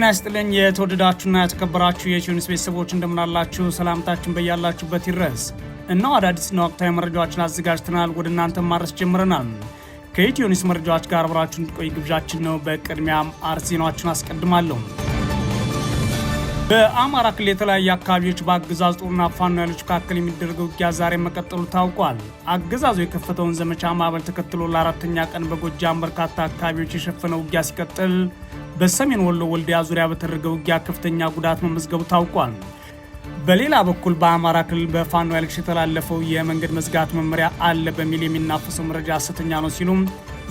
ጤና ይስጥልኝ የተወደዳችሁና የተከበራችሁ የኢትዮኒውስ ቤተሰቦች እንደምናላችሁ ሰላምታችን በያላችሁበት ይድረስ። እነሆ አዳዲስና ወቅታዊ መረጃዎችን አዘጋጅተናል ወደ እናንተ ማድረስ ጀምረናል። ከኢትዮኒውስ መረጃዎች ጋር አብራችሁ እንድቆዩ ግብዣችን ነው። በቅድሚያም አርዕስተ ዜናዎችን አስቀድማለሁ። በአማራ ክልል የተለያዩ አካባቢዎች በአገዛዝ ጦርና ፋኖ ኃይሎች መካከል የሚደረገው ውጊያ ዛሬ መቀጠሉ ታውቋል። አገዛዙ የከፈተውን ዘመቻ ማዕበል ተከትሎ ለአራተኛ ቀን በጎጃም በርካታ አካባቢዎች የሸፈነ ውጊያ ሲቀጥል፣ በሰሜን ወሎ ወልዲያ ዙሪያ በተደረገ ውጊያ ከፍተኛ ጉዳት መመዝገቡ ታውቋል። በሌላ በኩል በአማራ ክልል በፋኖ ኃይሎች የተላለፈው የመንገድ መዝጋት መመሪያ አለ በሚል የሚናፈሰው መረጃ ሐሰተኛ ነው ሲሉም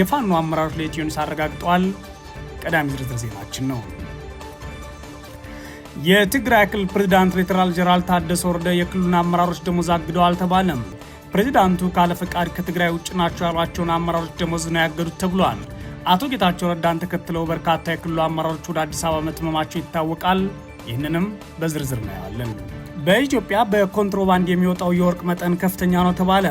የፋኖ አመራሮች ለኢትዮኒውስ አረጋግጠዋል። ቀዳሚ ዝርዝር ዜናችን ነው። የትግራይ ክልል ፕሬዚዳንት ሌተናል ጀነራል ታደሰ ወረደ የክልሉን አመራሮች ደሞዝ አግደዋል ተባለም። ፕሬዚዳንቱ ካለፈቃድ ከትግራይ ውጭ ናቸው ያሏቸውን አመራሮች ደሞዝ ነው ያገዱት ተብሏል። አቶ ጌታቸው ረዳን ተከትለው በርካታ የክልሉ አመራሮች ወደ አዲስ አበባ መትመማቸው ይታወቃል። ይህንንም በዝርዝር እናየዋለን። በኢትዮጵያ በኮንትሮባንድ የሚወጣው የወርቅ መጠን ከፍተኛ ነው ተባለ።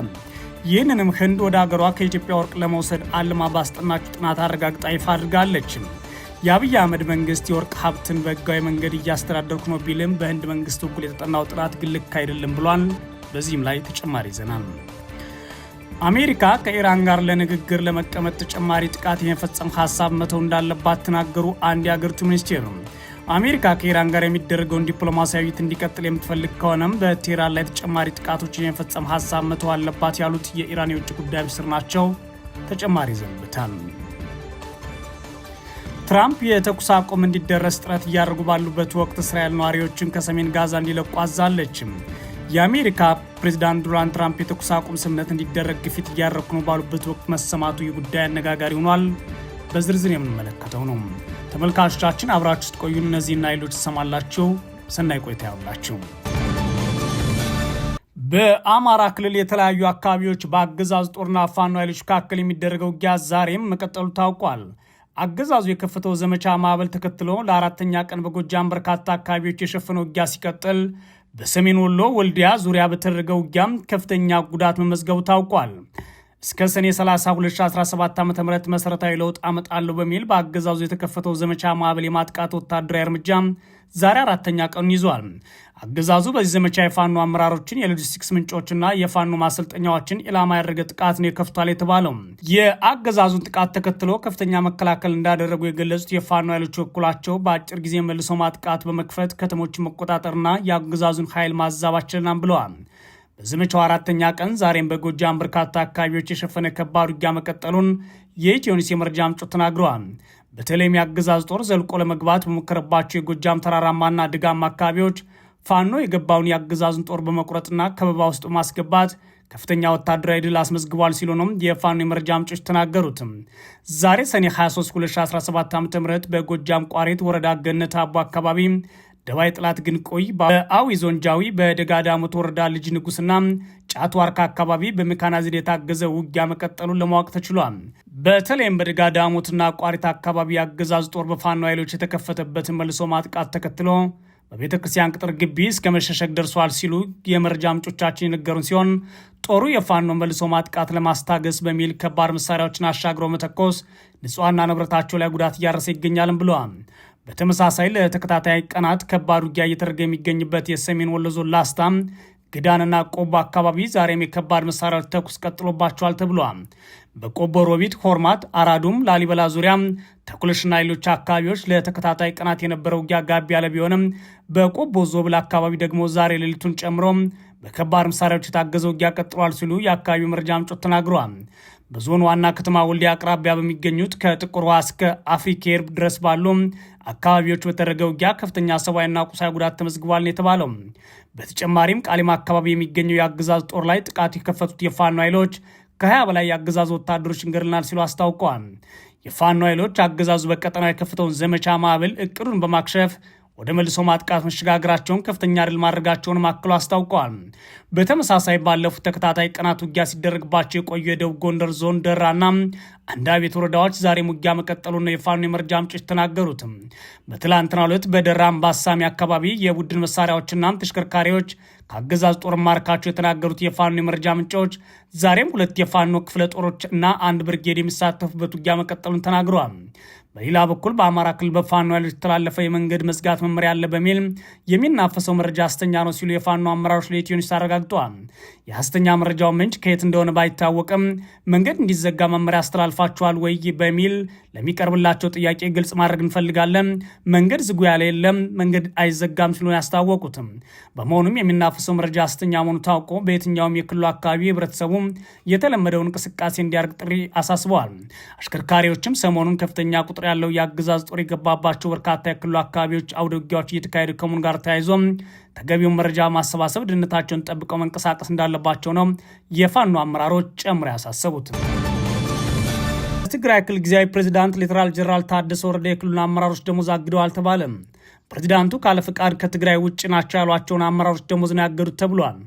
ይህንንም ህንድ ወደ አገሯ ከኢትዮጵያ ወርቅ ለመውሰድ አልማ ባስጠናችው ጥናት አረጋግጣ ይፋ አድርጋለች። የአብይ አህመድ መንግስት የወርቅ ሀብትን በህጋዊ መንገድ እያስተዳደርኩ ነው ቢልም በህንድ መንግስት በኩል የተጠናው ጥናት ግልክ አይደለም ብሏል። በዚህም ላይ ተጨማሪ ይዘናል። አሜሪካ ከኢራን ጋር ለንግግር ለመቀመጥ ተጨማሪ ጥቃት የመፈጸም ሀሳብ መተው እንዳለባት ተናገሩ አንድ የአገሪቱ ሚኒስቴር ነው። አሜሪካ ከኢራን ጋር የሚደረገውን ዲፕሎማሲያዊ ውይይት እንዲቀጥል የምትፈልግ ከሆነም በቴህራን ላይ ተጨማሪ ጥቃቶችን የመፈጸም ሀሳብ መተው አለባት ያሉት የኢራን የውጭ ጉዳይ ሚኒስትር ናቸው። ተጨማሪ ዘንብታል። ትራምፕ የተኩስ አቁም እንዲደረስ ጥረት እያደረጉ ባሉበት ወቅት እስራኤል ነዋሪዎችን ከሰሜን ጋዛ እንዲለቁ አዛለችም። የአሜሪካ ፕሬዚዳንት ዶናልድ ትራምፕ የተኩስ አቁም ስምምነት እንዲደረግ ግፊት እያደረኩ ነው ባሉበት ወቅት መሰማቱ የጉዳይ አነጋጋሪ ሆኗል። በዝርዝር የምንመለከተው ነው። ተመልካቾቻችን አብራችሁ ስትቆዩ እነዚህና ሌሎች ትሰማላችሁ። ሰናይ ቆይታ ያውላችሁ። በአማራ ክልል የተለያዩ አካባቢዎች በአገዛዝ ጦርና ፋኖ ኃይሎች መካከል የሚደረገው ውጊያ ዛሬም መቀጠሉ ታውቋል። አገዛዙ የከፈተው ዘመቻ ማዕበል ተከትሎ ለአራተኛ ቀን በጎጃም በርካታ አካባቢዎች የሸፈነው ውጊያ ሲቀጥል በሰሜን ወሎ ወልዲያ ዙሪያ በተደረገ ውጊያም ከፍተኛ ጉዳት መመዝገቡ ታውቋል። እስከ ሰኔ 30 2017 ዓ ም መሠረታዊ ለውጥ አመጣለሁ በሚል በአገዛዙ የተከፈተው ዘመቻ ማዕበል የማጥቃት ወታደራዊ እርምጃ ዛሬ አራተኛ ቀኑን ይዟል። አገዛዙ በዚህ ዘመቻ የፋኖ አመራሮችን የሎጂስቲክስ ምንጮችና የፋኖ ማሰልጠኛዎችን ኢላማ ያደረገ ጥቃት ነው የከፍቷል የተባለው። የአገዛዙን ጥቃት ተከትሎ ከፍተኛ መከላከል እንዳደረጉ የገለጹት የፋኖ ኃይሎች በኩላቸው በአጭር ጊዜ መልሶ ማጥቃት በመክፈት ከተሞችን መቆጣጠርና የአገዛዙን ኃይል ማዛባችልናም ብለዋል። በዘመቻው አራተኛ ቀን ዛሬም በጎጃም በርካታ አካባቢዎች የሸፈነ ከባድ ውጊያ መቀጠሉን የኢትዮኒስ የመረጃ ምንጮች ተናግረዋል። በተለይም የአገዛዝ ጦር ዘልቆ ለመግባት በሞከረባቸው የጎጃም ተራራማና ድጋማ አካባቢዎች ፋኖ የገባውን የአገዛዝን ጦር በመቁረጥና ከበባ ውስጥ በማስገባት ከፍተኛ ወታደራዊ ድል አስመዝግቧል ሲሉ ነው የፋኖ የመረጃ ምንጮች ተናገሩትም። ዛሬ ሰኔ 23 2017 ዓ ም በጎጃም ቋሪት ወረዳ ገነት አቦ አካባቢ ደባይ ጥላት ግን ቆይ በአዊ ዞንጃዊ በደጋዳሞት ወረዳ ልጅ ንጉስና ጫቱ ዋርካ አካባቢ በሜካናይዝድ የታገዘ ውጊያ መቀጠሉን ለማወቅ ተችሏል። በተለይም በደጋ ዳሞትና ቋሪት አካባቢ የአገዛዝ ጦር በፋኖ ኃይሎች የተከፈተበትን መልሶ ማጥቃት ተከትሎ በቤተ ክርስቲያን ቅጥር ግቢ እስከ መሸሸግ ደርሷል ሲሉ የመረጃ ምንጮቻችን የነገሩን ሲሆን ጦሩ የፋኖ መልሶ ማጥቃት ለማስታገስ በሚል ከባድ መሳሪያዎችን አሻግሮ መተኮስ ንጹሐና ንብረታቸው ላይ ጉዳት እያረሰ ይገኛልም ብለዋል። በተመሳሳይ ለተከታታይ ቀናት ከባድ ውጊያ እየተደረገ የሚገኝበት የሰሜን ወሎ ዞን ላስታም ግዳንና ቆቦ አካባቢ ዛሬም የከባድ መሳሪያዎች ተኩስ ቀጥሎባቸዋል ተብሏል። በቆቦ ሮቢት፣ ሆርማት፣ አራዱም፣ ላሊበላ ዙሪያ ተኩለሽና ሌሎች አካባቢዎች ለተከታታይ ቀናት የነበረ ውጊያ ጋቢ ያለ ቢሆንም በቆቦ ዞብል አካባቢ ደግሞ ዛሬ ሌሊቱን ጨምሮ በከባድ መሳሪያዎች የታገዘ ውጊያ ቀጥሏል ሲሉ የአካባቢው መረጃ ምንጮች ተናግረዋል። በዞን ዋና ከተማ ወልዲያ አቅራቢያ በሚገኙት ከጥቁር ውሃ እስከ አፍሪኬር ድረስ ባሉ አካባቢዎች በተደረገ ውጊያ ከፍተኛ ሰብአዊና ቁሳዊ ጉዳት ተመዝግቧል ነው የተባለው። በተጨማሪም ቃሊማ አካባቢ የሚገኘው የአገዛዝ ጦር ላይ ጥቃት የከፈቱት የፋኖ ኃይሎች ከ20 በላይ የአገዛዝ ወታደሮች እንገድለናል ሲሉ አስታውቀዋል። የፋኖ ኃይሎች አገዛዙ በቀጠናው የከፍተውን ዘመቻ ማዕበል እቅዱን በማክሸፍ ወደ መልሶ ማጥቃት መሸጋገራቸውን ከፍተኛ ድል ማድረጋቸውን አክሎ አስታውቀዋል። በተመሳሳይ ባለፉት ተከታታይ ቀናት ውጊያ ሲደረግባቸው የቆዩ የደቡብ ጎንደር ዞን ደራና አንዳቤት ወረዳዎች ዛሬም ውጊያ መቀጠሉን ነው የፋኖ የመረጃ ምንጮች ተናገሩት። በትላንትና ዕለት በደራ አምባሳሚ አካባቢ የቡድን መሳሪያዎችና ተሽከርካሪዎች ከአገዛዝ ጦር ማርካቸው የተናገሩት የፋኖ የመረጃ ምንጮች ዛሬም ሁለት የፋኖ ክፍለ ጦሮች እና አንድ ብርጌድ የሚሳተፉበት ውጊያ መቀጠሉን ተናግረዋል። በሌላ በኩል በአማራ ክልል በፋኖ ኃይሎች የተላለፈ የመንገድ መዝጋት መመሪያ አለ በሚል የሚናፈሰው መረጃ ሐሰተኛ ነው ሲሉ የፋኖ አመራሮች ለኢትዮኒስ አረጋግጠዋል። የሐሰተኛ መረጃው ምንጭ ከየት እንደሆነ ባይታወቅም መንገድ እንዲዘጋ መመሪያ አስተላልፋችኋል ወይ በሚል ለሚቀርብላቸው ጥያቄ ግልጽ ማድረግ እንፈልጋለን። መንገድ ዝጉ ያለ የለም፣ መንገድ አይዘጋም ሲሉ ያስታወቁትም። በመሆኑም የሚናፈሰው መረጃ ሐሰተኛ መሆኑ ታውቆ በየትኛውም የክልሉ አካባቢ ህብረተሰቡ የተለመደውን እንቅስቃሴ እንዲያርግ ጥሪ አሳስበዋል። አሽከርካሪዎችም ሰሞኑን ከፍተኛ ቁጥር ቁጥር ያለው የአገዛዝ ጦር የገባባቸው በርካታ የክልሉ አካባቢዎች አውደ ውጊያዎች እየተካሄዱ ከመሆኑ ጋር ተያይዞ ተገቢውን መረጃ ማሰባሰብ፣ ደህንነታቸውን ጠብቀው መንቀሳቀስ እንዳለባቸው ነው የፋኖ አመራሮች ጨምሮ ያሳሰቡት። የትግራይ ክልል ጊዜያዊ ፕሬዚዳንት ሌተናል ጀነራል ታደሰ ወረደ የክልሉን አመራሮች ደሞዝ አግደዋል አልተባለም። ፕሬዚዳንቱ ካለ ፍቃድ ከትግራይ ውጭ ናቸው ያሏቸውን አመራሮች ደሞዝ ነው ያገዱት ተብሏል።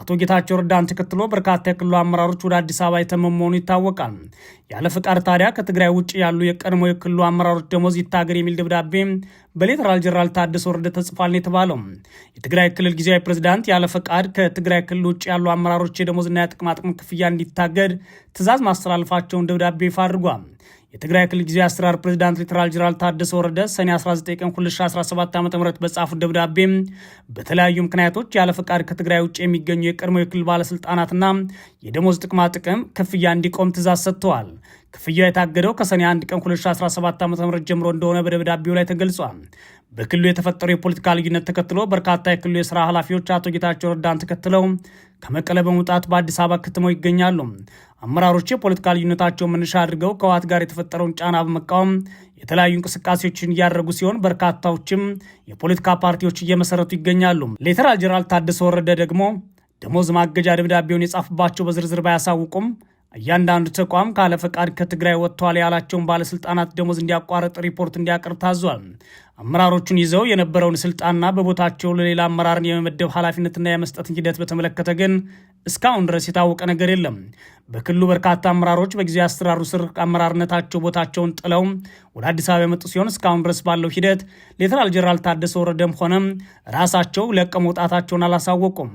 አቶ ጌታቸው ረዳን ተከትሎ በርካታ የክልሉ አመራሮች ወደ አዲስ አበባ የተመሙ መሆኑ ይታወቃል። ያለ ፍቃድ ታዲያ ከትግራይ ውጭ ያሉ የቀድሞ የክልሉ አመራሮች ደሞዝ ይታገር የሚል ደብዳቤ በሌተናል ጀነራል ታደሰ ወረደ ተጽፏል ነው የተባለው። የትግራይ ክልል ጊዜያዊ ፕሬዝዳንት ያለ ፈቃድ ከትግራይ ክልል ውጭ ያሉ አመራሮች የደሞዝና የጥቅማጥቅም ክፍያ እንዲታገድ ትእዛዝ ማስተላለፋቸውን ደብዳቤ ይፋ አድርጓል። የትግራይ ክልል ጊዜያዊ አስተዳደር ፕሬዚዳንት ሌተናል ጄኔራል ታደሰ ወረደ ሰኔ 19 ቀን 2017 ዓ ም በጻፉት ደብዳቤ በተለያዩ ምክንያቶች ያለ ፈቃድ ከትግራይ ውጭ የሚገኙ የቀድሞ የክልል ባለስልጣናትና የደሞዝ ጥቅማ ጥቅም ክፍያ እንዲቆም ትእዛዝ ሰጥተዋል። ክፍያው የታገደው ከሰኔ 1 ቀን 2017 ዓ ም ጀምሮ እንደሆነ በደብዳቤው ላይ ተገልጿል። በክልሉ የተፈጠረው የፖለቲካ ልዩነት ተከትሎ በርካታ የክልሉ የስራ ኃላፊዎች አቶ ጌታቸው ረዳን ተከትለው ከመቀለ በመውጣት በአዲስ አበባ ከትመው ይገኛሉ። አመራሮች የፖለቲካ ልዩነታቸውን መነሻ አድርገው ከህወሓት ጋር የተፈጠረውን ጫና በመቃወም የተለያዩ እንቅስቃሴዎችን እያደረጉ ሲሆን በርካታዎችም የፖለቲካ ፓርቲዎች እየመሰረቱ ይገኛሉ። ሌተናል ጄኔራል ታደሰ ወረደ ደግሞ ደሞዝ ማገጃ ደብዳቤውን የጻፉባቸው በዝርዝር ባያሳውቁም እያንዳንዱ ተቋም ካለ ፈቃድ ከትግራይ ወጥተዋል ያላቸውን ባለስልጣናት ደሞዝ እንዲያቋርጥ ሪፖርት እንዲያቀርብ ታዟል። አመራሮቹን ይዘው የነበረውን ስልጣንና በቦታቸው ለሌላ አመራርን የመመደብ ኃላፊነትና የመስጠትን ሂደት በተመለከተ ግን እስካሁን ድረስ የታወቀ ነገር የለም። በክልሉ በርካታ አመራሮች በጊዜ አስተዳደሩ ስር አመራርነታቸው ቦታቸውን ጥለው ወደ አዲስ አበባ የመጡ ሲሆን እስካሁን ድረስ ባለው ሂደት ሌተናል ጄኔራል ታደሰ ወረደም ሆነም ራሳቸው ለቀው መውጣታቸውን አላሳወቁም።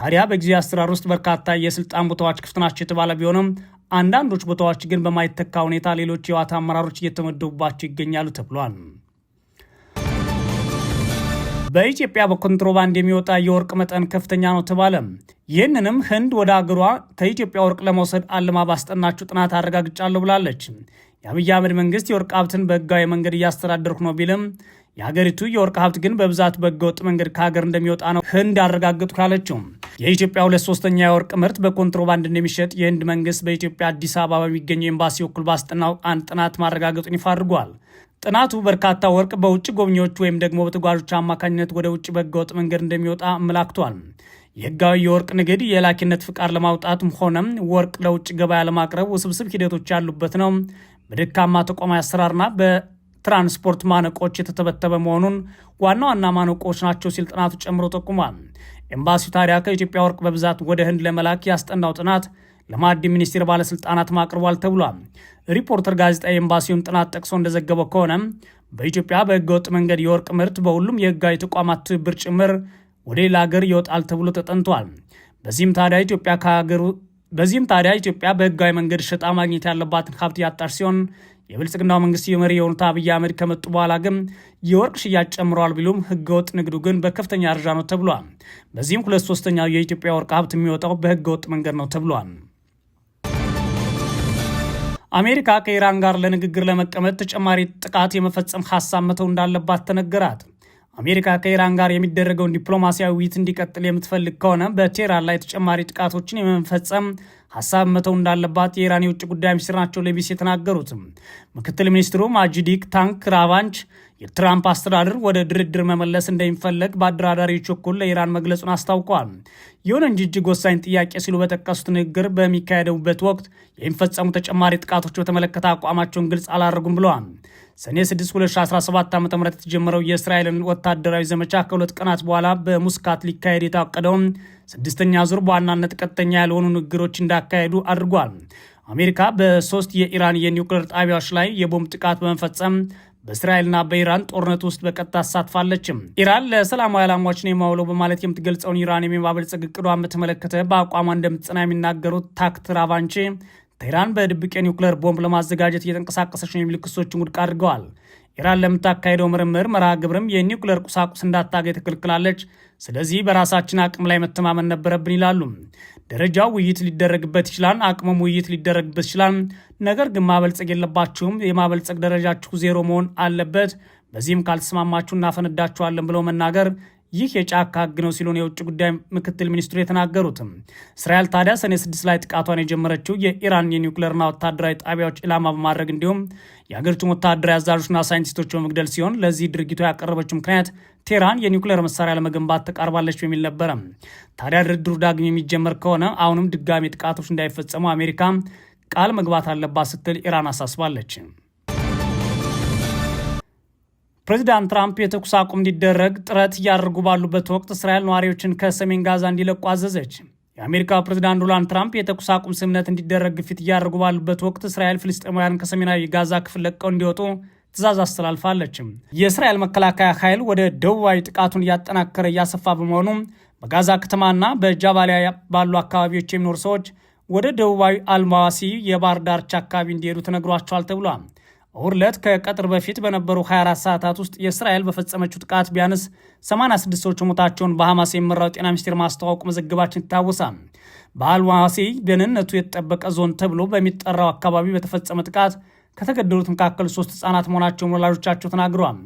ታዲያ በጊዜ አስተዳደር ውስጥ በርካታ የስልጣን ቦታዎች ክፍት ናቸው የተባለ ቢሆንም አንዳንዶች ቦታዎች ግን በማይተካ ሁኔታ ሌሎች የዋታ አመራሮች እየተመደቡባቸው ይገኛሉ ተብሏል። በኢትዮጵያ በኮንትሮባንድ የሚወጣ የወርቅ መጠን ከፍተኛ ነው ተባለ። ይህንንም ህንድ ወደ አገሯ ከኢትዮጵያ ወርቅ ለመውሰድ አልማ ባስጠናችው ጥናት አረጋግጫለሁ ብላለች። የአብይ አህመድ መንግስት የወርቅ ሀብትን በህጋዊ መንገድ እያስተዳደርኩ ነው ቢልም የሀገሪቱ የወርቅ ሀብት ግን በብዛት በህገወጥ መንገድ ከሀገር እንደሚወጣ ነው ህንድ አረጋግጥኩ ያለችው። የኢትዮጵያ ሁለት ሶስተኛ የወርቅ ምርት በኮንትሮባንድ እንደሚሸጥ የህንድ መንግስት በኢትዮጵያ አዲስ አበባ በሚገኘው ኤምባሲ በኩል ባስጠናው አንድ ጥናት ማረጋገጡን ይፋ አድርጓል። ጥናቱ በርካታ ወርቅ በውጭ ጎብኚዎች ወይም ደግሞ በተጓዦች አማካኝነት ወደ ውጭ በህገወጥ መንገድ እንደሚወጣ አመላክቷል። የህጋዊ የወርቅ ንግድ የላኪነት ፍቃድ ለማውጣትም ሆነ ወርቅ ለውጭ ገበያ ለማቅረብ ውስብስብ ሂደቶች ያሉበት ነው። በደካማ ተቋማዊ አሰራርና በትራንስፖርት ማነቆች የተተበተበ መሆኑን ዋና ዋና ማነቆች ናቸው ሲል ጥናቱ ጨምሮ ጠቁሟል። ኤምባሲው ታዲያ ከኢትዮጵያ ወርቅ በብዛት ወደ ህንድ ለመላክ ያስጠናው ጥናት ለማዕድን ሚኒስቴር ባለስልጣናትም አቅርቧል ተብሏል። ሪፖርተር ጋዜጣ የኤምባሲውን ጥናት ጠቅሶ እንደዘገበው ከሆነ በኢትዮጵያ በህገወጥ መንገድ የወርቅ ምርት በሁሉም የህጋዊ ተቋማት ትብብር ጭምር ወደ ሌላ ሀገር ይወጣል ተብሎ ተጠንቷል። በዚህም ታዲያ ኢትዮጵያ ከሀገሩ በዚህም ታዲያ ኢትዮጵያ በህጋዊ መንገድ ሸጣ ማግኘት ያለባትን ሀብት ያጣች ሲሆን የብልጽግናው መንግስት የመሪ የሆኑት አብይ አህመድ ከመጡ በኋላ ግን የወርቅ ሽያጭ ጨምረዋል ቢሉም ህገወጥ ንግዱ ግን በከፍተኛ ደረጃ ነው ተብሏል። በዚህም ሁለት ሶስተኛው የኢትዮጵያ ወርቅ ሀብት የሚወጣው በህገወጥ መንገድ ነው ተብሏል። አሜሪካ ከኢራን ጋር ለንግግር ለመቀመጥ ተጨማሪ ጥቃት የመፈጸም ሀሳብ መተው እንዳለባት ተነገራት። አሜሪካ ከኢራን ጋር የሚደረገውን ዲፕሎማሲያዊ ውይይት እንዲቀጥል የምትፈልግ ከሆነ በቴህራን ላይ ተጨማሪ ጥቃቶችን የመፈጸም ሀሳብ መተው እንዳለባት የኢራን የውጭ ጉዳይ ሚኒስትር ናቸው ለቢሲ የተናገሩትም። ምክትል ሚኒስትሩ ማጅዲክ ታንክ ራቫንች የትራምፕ አስተዳደር ወደ ድርድር መመለስ እንደሚፈለግ በአደራዳሪዎች በኩል ለኢራን መግለጹን አስታውቋል። ይሁን እንጂ እጅግ ወሳኝ ጥያቄ ሲሉ በጠቀሱት ንግግር በሚካሄደውበት ወቅት የሚፈጸሙ ተጨማሪ ጥቃቶች በተመለከተ አቋማቸውን ግልጽ አላደርጉም ብለዋል። ሰኔ 6 2017 ዓ ም የተጀመረው የእስራኤልን ወታደራዊ ዘመቻ ከሁለት ቀናት በኋላ በሙስካት ሊካሄድ የታቀደውን ስድስተኛ ዙር በዋናነት ቀጥተኛ ያልሆኑ ንግግሮች እንዳካሄዱ አድርጓል። አሜሪካ በሶስት የኢራን የኒውክሌር ጣቢያዎች ላይ የቦምብ ጥቃት በመፈጸም በእስራኤልና በኢራን ጦርነት ውስጥ በቀጥታ አሳትፋለችም። ኢራን ለሰላማዊ ዓላማዎች ነው የማውለው በማለት የምትገልጸውን ኢራን የማበልጸግ እቅዷን በተመለከተ በአቋሟ እንደምትጽና የሚናገሩት ታክት ራቫንቼ ቴህራን በድብቅ የኒውክሌር ቦምብ ለማዘጋጀት እየተንቀሳቀሰች ነው የሚል ክሶችን ውድቅ አድርገዋል። ኢራን ለምታካሄደው ምርምር መርሃ ግብርም የኒውክሌር ቁሳቁስ እንዳታገኝ ትከለክላለች። ስለዚህ በራሳችን አቅም ላይ መተማመን ነበረብን ይላሉ። ደረጃው ውይይት ሊደረግበት ይችላል፣ አቅሙም ውይይት ሊደረግበት ይችላል። ነገር ግን ማበልጸግ የለባችሁም። የማበልጸግ ደረጃችሁ ዜሮ መሆን አለበት። በዚህም ካልተስማማችሁ እናፈነዳችኋለን ብለው መናገር ይህ የጫካ ህግ ነው ሲሉን የውጭ ጉዳይ ምክትል ሚኒስትሩ የተናገሩትም። እስራኤል ታዲያ ሰኔ ስድስት ላይ ጥቃቷን የጀመረችው የኢራን የኒውክሌርና ወታደራዊ ጣቢያዎች ኢላማ በማድረግ እንዲሁም የሀገሪቱን ወታደራዊ አዛዦችና ሳይንቲስቶች በመግደል ሲሆን ለዚህ ድርጊቱ ያቀረበችው ምክንያት ቴህራን የኒውክሌር መሳሪያ ለመገንባት ተቃርባለች በሚል ነበረ። ታዲያ ድርድሩ ዳግም የሚጀመር ከሆነ አሁንም ድጋሚ ጥቃቶች እንዳይፈጸሙ አሜሪካ ቃል መግባት አለባት ስትል ኢራን አሳስባለች። ፕሬዚዳንት ትራምፕ የተኩስ አቁም እንዲደረግ ጥረት እያደረጉ ባሉበት ወቅት እስራኤል ነዋሪዎችን ከሰሜን ጋዛ እንዲለቁ አዘዘች። የአሜሪካ ፕሬዚዳንት ዶናልድ ትራምፕ የተኩስ አቁም ስምነት እንዲደረግ ግፊት እያደረጉ ባሉበት ወቅት እስራኤል ፍልስጤማውያን ከሰሜናዊ ጋዛ ክፍል ለቀው እንዲወጡ ትእዛዝ አስተላልፋለችም። የእስራኤል መከላከያ ኃይል ወደ ደቡባዊ ጥቃቱን እያጠናከረ እያሰፋ በመሆኑ በጋዛ ከተማና በጃባሊያ ባሉ አካባቢዎች የሚኖሩ ሰዎች ወደ ደቡባዊ አልማዋሲ የባህር ዳርቻ አካባቢ እንዲሄዱ ተነግሯቸዋል ተብሏል። እሁድ ዕለት ከቀጥር በፊት በነበሩ 24 ሰዓታት ውስጥ የእስራኤል በፈጸመችው ጥቃት ቢያንስ 86 ሰዎች ሞታቸውን በሐማስ የሚመራው ጤና ሚኒስቴር ማስተዋወቅ መዘገባችን ይታወሳል። በአልዋሲ ደህንነቱ የተጠበቀ ዞን ተብሎ በሚጠራው አካባቢ በተፈጸመ ጥቃት ከተገደሉት መካከል ሶስት ህጻናት መሆናቸውን ወላጆቻቸው ተናግረዋል።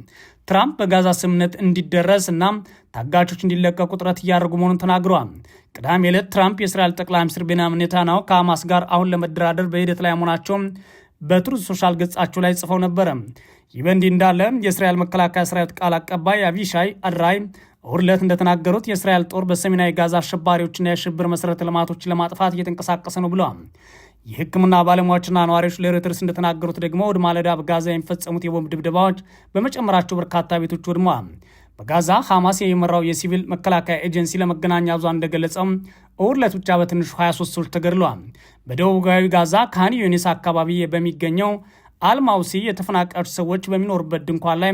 ትራምፕ በጋዛ ስምምነት እንዲደረስ እና ታጋቾች እንዲለቀቁ ጥረት እያደረጉ መሆኑን ተናግረዋል። ቅዳሜ ዕለት ትራምፕ የእስራኤል ጠቅላይ ሚኒስትር ቤንያሚን ኔታንያሁ ከሐማስ ጋር አሁን ለመደራደር በሂደት ላይ መሆናቸውም በትሩዝ ሶሻል ገጻቸው ላይ ጽፈው ነበረ። ይህ በእንዲህ እንዳለ የእስራኤል መከላከያ ሰራዊት ቃል አቀባይ አቪሻይ አድራይ እሁድ ዕለት እንደተናገሩት የእስራኤል ጦር በሰሜናዊ ጋዛ አሸባሪዎችና የሽብር መሠረተ ልማቶችን ለማጥፋት እየተንቀሳቀሰ ነው ብለዋል። የሕክምና ባለሙያዎችና ነዋሪዎች ለሮይተርስ እንደተናገሩት ደግሞ ወደ ማለዳ በጋዛ የሚፈጸሙት የቦምብ ድብደባዎች በመጨመራቸው በርካታ ቤቶች ወድመዋል። በጋዛ ሐማስ የመራው የሲቪል መከላከያ ኤጀንሲ ለመገናኛ ብዙሃን እንደገለጸው እሁድ ዕለት ብቻ በትንሹ 23 ሰዎች ተገድለዋል። በደቡባዊ ጋዛ ካን ዩኒስ አካባቢ በሚገኘው አልማውሲ የተፈናቃዮች ሰዎች በሚኖሩበት ድንኳን ላይ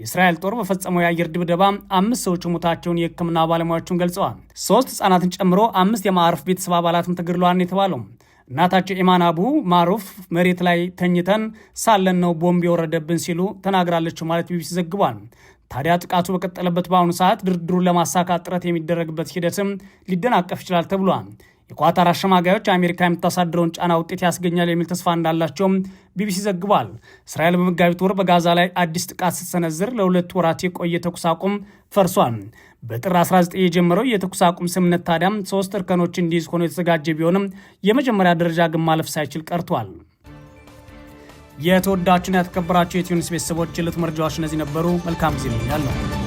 የእስራኤል ጦር በፈጸመው የአየር ድብደባ አምስት ሰዎች ሞታቸውን የሕክምና ባለሙያዎቹን ገልጸዋል። ሶስት ህጻናትን ጨምሮ አምስት የማዕረፍ ቤተሰብ አባላትም ተገድለዋል የተባለው እናታቸው ኢማን አቡ ማሩፍ መሬት ላይ ተኝተን ሳለን ነው ቦምብ የወረደብን ሲሉ ተናግራለች ማለት ቢቢሲ ዘግቧል። ታዲያ ጥቃቱ በቀጠለበት በአሁኑ ሰዓት ድርድሩን ለማሳካት ጥረት የሚደረግበት ሂደትም ሊደናቀፍ ይችላል ተብሏል። የኳታር አሸማጋዮች አሜሪካ የምታሳድረውን ጫና ውጤት ያስገኛል የሚል ተስፋ እንዳላቸውም ቢቢሲ ዘግቧል። እስራኤል በመጋቢት ወር በጋዛ ላይ አዲስ ጥቃት ስትሰነዝር ለሁለት ወራት የቆየ ተኩስ አቁም ፈርሷል። በጥር 19 የጀመረው የተኩስ አቁም ስምምነት ታዲያም ሶስት እርከኖች እንዲይዝ ሆኖ የተዘጋጀ ቢሆንም የመጀመሪያ ደረጃ ግን ማለፍ ሳይችል ቀርቷል። የተወዳችሁን ያተከበራችሁ የኢትዮ ኒውስ ቤተሰቦች የዕለቱ መረጃዎች እነዚህ ነበሩ። መልካም ጊዜ ያለው